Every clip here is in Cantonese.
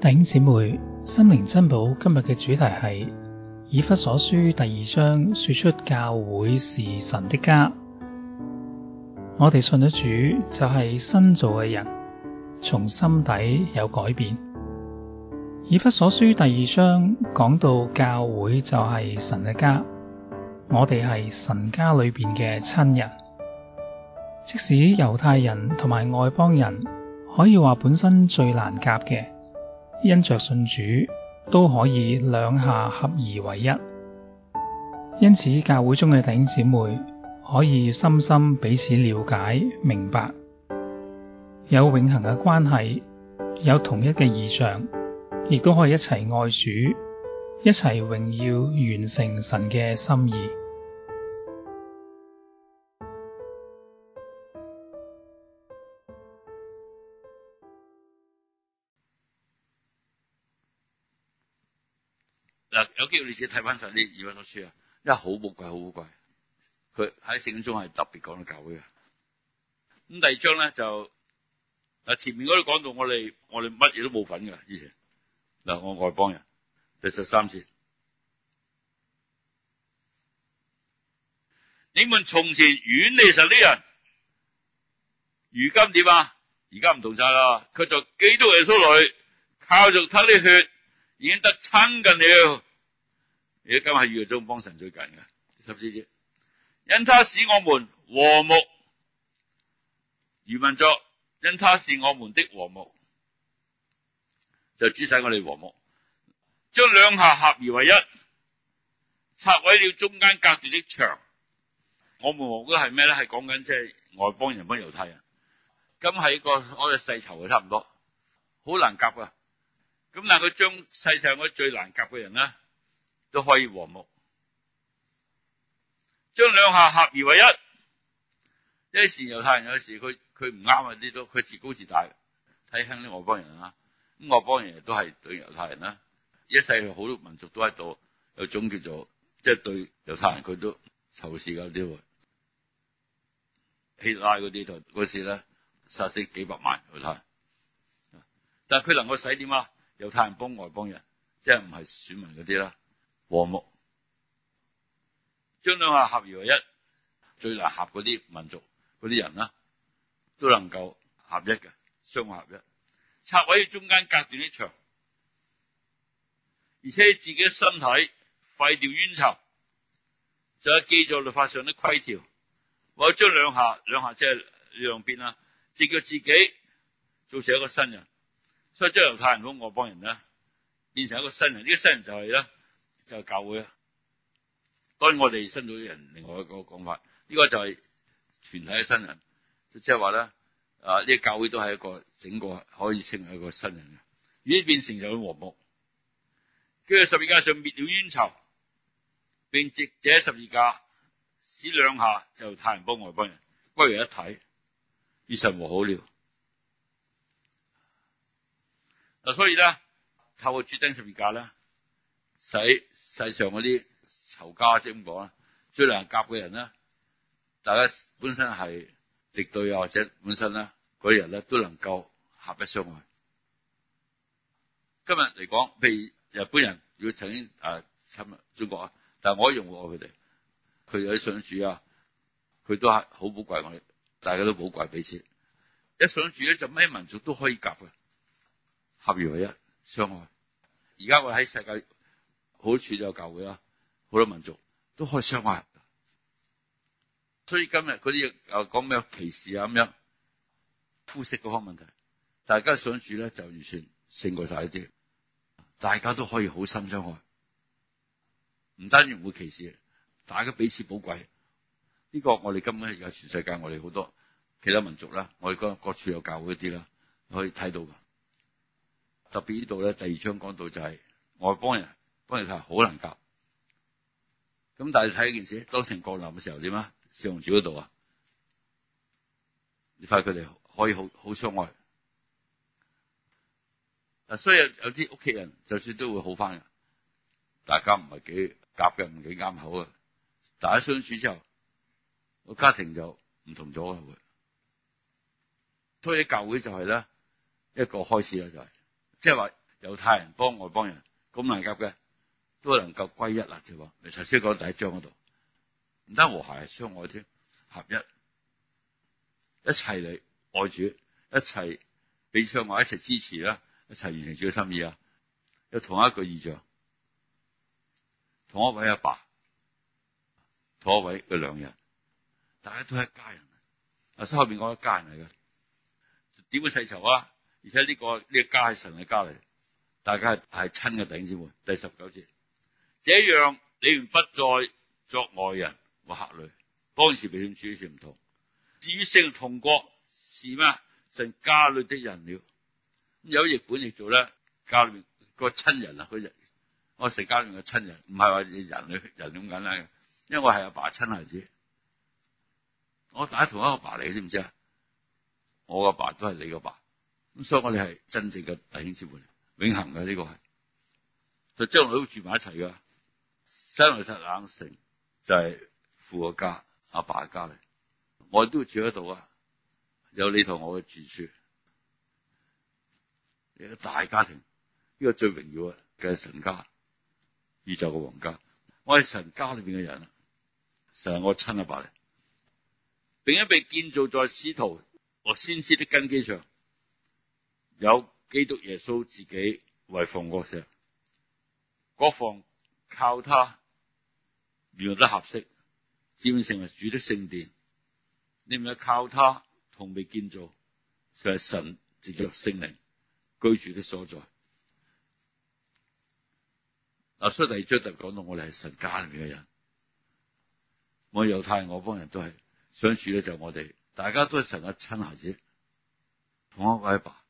弟兄姐妹，心靈珍寶。今日嘅主題係以弗所書第二章，說出教會是神的家。我哋信得主就係新造嘅人，從心底有改變。以弗所書第二章講到教會就係神嘅家，我哋係神家裏邊嘅親人。即使猶太人同埋外邦人，可以話本身最難夾嘅。因着信主，都可以兩下合而為一。因此，教會中嘅弟兄姊妹可以深深彼此了解、明白，有永恒嘅關係，有同一嘅意象，亦都可以一齊愛主，一齊榮耀、完成神嘅心意。嗱，有機會你試睇翻曬啲，以弗所書啊，因為好寶貴，好寶貴。佢喺聖經中係特別講到教會嘅。咁第二章咧就嗱，前面嗰度講到我哋，我哋乜嘢都冇份嘅。以前嗱，我外邦人，第十三節，你們從前遠離神啲人，如今點啊？而家唔同曬啦，佢在基督耶穌裏，靠著他啲血。已經得親近了，而家係預咗幫神最近嘅。十四節，因他使我們和睦，原文作因他是我們的和睦，就主宰我哋和睦，將兩下合而為一，拆毀了中間隔斷的牆。我們和睦係咩咧？係講緊即係外邦人幫猶太人，咁喺個我哋世仇啊，差唔多，好難夾噶。咁但係佢將世上嗰最難夾嘅人咧，都可以和睦，將兩下合而為一。一時猶太人有時佢佢唔啱啊，啲都，佢自高自大，睇輕啲外邦人啊，咁外邦人亦都係對猶太人啦，一世好多民族都喺度有種叫做，即係對猶太人佢都仇視嗰啲，希特拉嗰啲嗰時咧殺死幾百萬猶太。但係佢能夠使點啊？猶太人幫外邦人，即係唔係選民嗰啲啦，和睦將兩下合而為一，最難合嗰啲民族嗰啲人啦，都能夠合一嘅，雙合一拆毀中間隔斷啲牆，而且自己身體廢掉冤仇，就係記在律法上啲規條，為咗將兩下兩下即係兩邊啊，藉著自己做成一個新人。所以將猶太人幫外邦人咧，變成一個新人，呢、這個新人就係咧就係、是、教會啊，當然我哋新組啲人另外一個講法，呢、這個就係全體嘅新人，即係話咧，啊呢、這個教會都係一個整個可以稱為一個新人嘅，而變成咗和睦。跟住十字架上滅了冤仇，並藉這十字架使兩下就猶太人幫外邦人歸為一體，於是和好了。嗱，所以咧，透過主釘十字架咧，使世上嗰啲仇家即咁講啦，最難夾嘅人咧，大家本身係敵對啊或者本身咧嗰啲人咧，都能夠合一相愛。今日嚟講，譬如日本人如果曾經誒侵入中國啊，但係我都容過佢哋，佢有啲上主啊，佢都係好寶貴我哋，大家都寶貴彼此。一上主咧，就咩民族都可以夾嘅。合而為一，相愛。而家我喺世界好處就有教會啦，好多民族都可以相愛。所以今日嗰啲誒講咩歧視啊，咁樣膚色嗰方問題，大家想住咧就完全勝過晒一啲，大家都可以好心相愛，唔單止唔會歧視，大家彼此寶貴。呢、這個我哋今日而家全世界我哋好多其他民族啦，我哋個各處有教會啲啦，可以睇到㗎。特別呢度咧，第二章講到就係、是、外邦人幫人下，好難夾咁，但係睇件事，當成降臨嘅時候點啊？相處嗰度啊，你發現佢哋可以好好相愛。啊，所以有啲屋企人就算都會好返嘅，大家唔係幾夾嘅，唔幾啱口嘅，大家相處之後個家庭就唔同咗嘅會，所以教會就係咧一個開始啦，就係、是。即係話猶太人幫外邦人咁難夾嘅，都能夠歸一啦。就話頭先講第一章嗰度，唔單和諧係相愛添，合一，一齊嚟愛主，一齊彼此相愛，一齊支持啦，一齊完成主嘅心意啊！有同一個意象，同一位阿爸，同一位嘅兩人，大家都係一家人啊！所以後邊講一家人嚟嘅，點會世仇啊？而且呢、這個呢、這個家係神嘅家嚟，大家係親嘅弟兄姊妹。第十九節，這樣，你唔不再作外人或客旅，當時被勸主是唔同。至於聖同國是咩？神家裏的人了。咁有亦本亦做咧，家裏面個親人啊，佢我成家裏面嘅親人，唔係話人裏人咁簡單嘅，因為我係阿爸親孩子，我哋同一個爸嚟，知唔知啊？我阿爸，爸都係你個爸，爸。所以我哋係真正嘅弟兄姊妹，永恒嘅呢個係就將來都住埋一齊噶新來實冷城就係父嘅家，阿爸嘅家嚟。我哋都要住喺度啊！有你同我嘅住處，一個大家庭，呢、這個最榮耀啊！嘅神家，宇宙嘅皇家，我係神家裏邊嘅人啊！成、就、日、是、我親阿爸嚟，並且被建造在使徒和先知的根基上。有基督耶穌自己為房角石，各房靠他聯絡得合式，漸漸成為主的聖殿。你唔要靠他同被建造，就係神藉着聖靈居住的所在。嗱，所以第二章就講到，我哋係神家裏面嘅人，我猶太我幫人都係想住嘅，就我哋大家都係神嘅親孩子，同一個爸爸。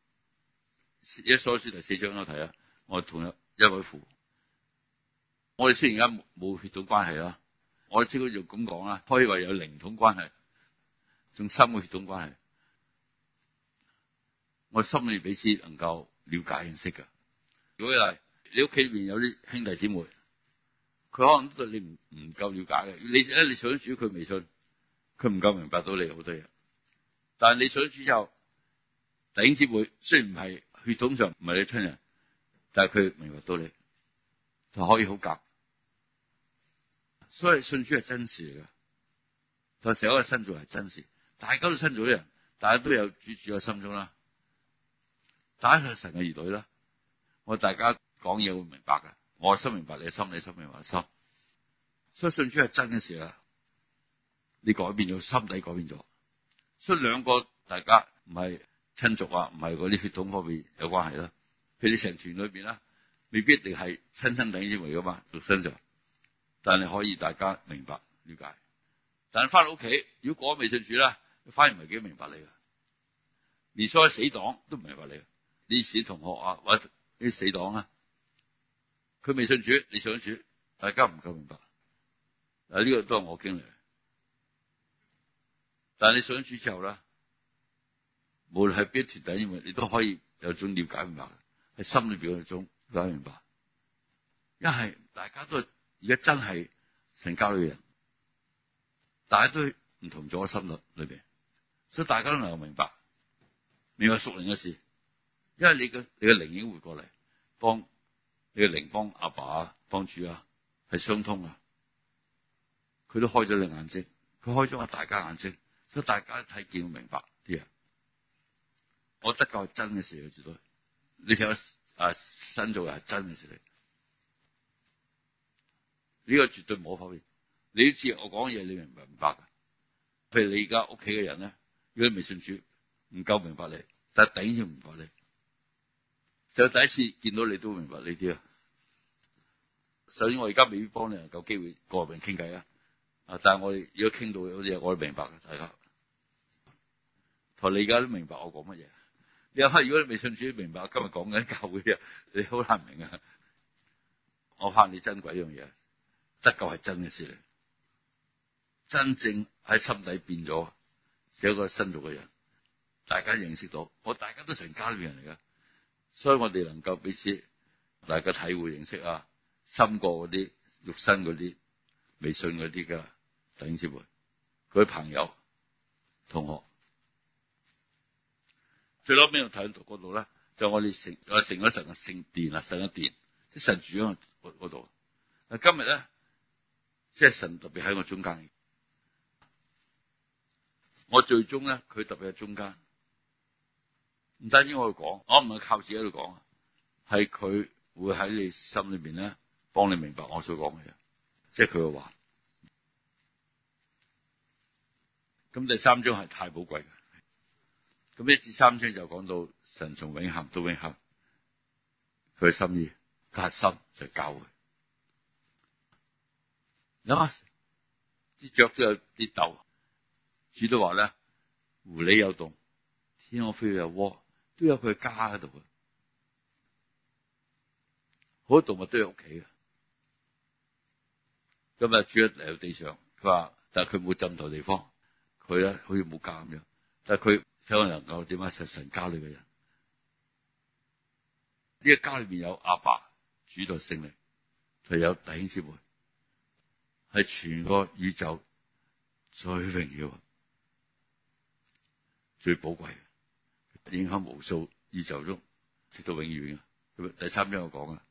以弗所書第四章我睇啊，我同一位父，我哋雖然而家冇血統關係啦，我始終就咁講啦，可以話有靈統關係，仲深過血統關係，我心裏彼此能夠了解認識噶。如果係你屋企裏面有啲兄弟姊妹，佢可能對你唔唔夠了解嘅，你一你上咗主佢未信，佢唔夠明白到你好多嘢，但係你上咗主之後，弟兄姊妹雖然唔係。血統上唔係你親人，但係佢明白到你就可以好夾。所以信主係真事嚟嘅。但係成日都係新造嚟真事，大家都新造啲人，大家都有主住喺心中啦，大家係神嘅兒女啦。我大家講嘢會明白噶，我心明白你心，你心明白我心，所以信主係真嘅事啦。你改變咗，心底改變咗，所以兩個大家唔係。親族啊，唔係嗰啲血統方面有關係囉。譬如你成團裏邊啦，未必一定係親身頂之嚟噶嘛，身上。但係可以大家明白了解。但係翻到屋企，如果講未信主咧，反而唔係幾明白你噶。連所謂死黨都唔明白你。呢啲同學啊，或者呢啲死黨啊，佢未信主，你上主，大家唔夠明白。嗱，呢個都係我經歷。但係你上主之後咧。無論係邊一團體，因為你都可以有種了解唔白，喺心裏邊嗰種解明白。一係大家都而家真係神家裡嘅人，大家都唔同咗心裡裏邊，所以大家都能夠明白，你話屬靈一事，因為你嘅你嘅靈已經過嚟，幫你嘅靈幫阿爸幫主啊，係相、啊、通啊，佢都開咗你眼睛，佢開咗我大家眼睛，所以大家都睇見明白啲嘢。我得救係真嘅事嚟，絕對。你睇下啊，新造人係真嘅事嚟，呢、這個絕對冇可否認。你啲字我講嘢，你明唔明白噶？譬如你而家屋企嘅人咧，如果未信主，唔夠明白你，但係第唔明白你，就第一次見到你都明白呢啲啊。所以，我而家未必幫你有機會過嚟傾偈啊。啊，但係我如果傾到有嘢，我都明白噶，大家。同你而家都明白我講乜嘢。你啊！如果你未信主明白，我今日講緊教會啊，你好難明啊！我怕你真鬼樣嘢，得救係真嘅事嚟，真正喺心底變咗，有一個新族嘅人。大家認識到，我大家都成家裡面人嚟噶，所以我哋能夠彼此大家體會認識啊，深過啲肉身啲、未信啲噶弟兄姊妹、各位朋友、同學。最攞邊度睇到度咧，就我哋成我成咗神嘅聖殿啊，聖殿，即神住喺嗰度。但今日咧，即神特別喺我中間，我最終咧，佢特別喺中間，唔單止我講，我唔係靠自己度講，啊，係佢會喺你心裏邊咧，幫你明白我所講嘅嘢，即佢嘅話。咁第三章係太寶貴嘅。咁一至三章就講到神從永恆到永恆，佢嘅心意，佢心就教佢諗下，啲雀都有啲竇，主都話咧：狐狸有洞，天空飛嘅有窩，都有佢嘅家喺度嘅。好多動物都喺屋企嘅。咁啊，主咧嚟到地上，佢話：但係佢冇枕頭地方，佢咧好似冇家咁樣，但係佢。希望能夠點解？實神家裏嘅人，呢個家裏面有阿爸，爸主導聖靈，就有弟兄姊妹，係全個宇宙最榮耀、最寶貴，影響無數宇宙中直到永遠啊！第三章我講啊。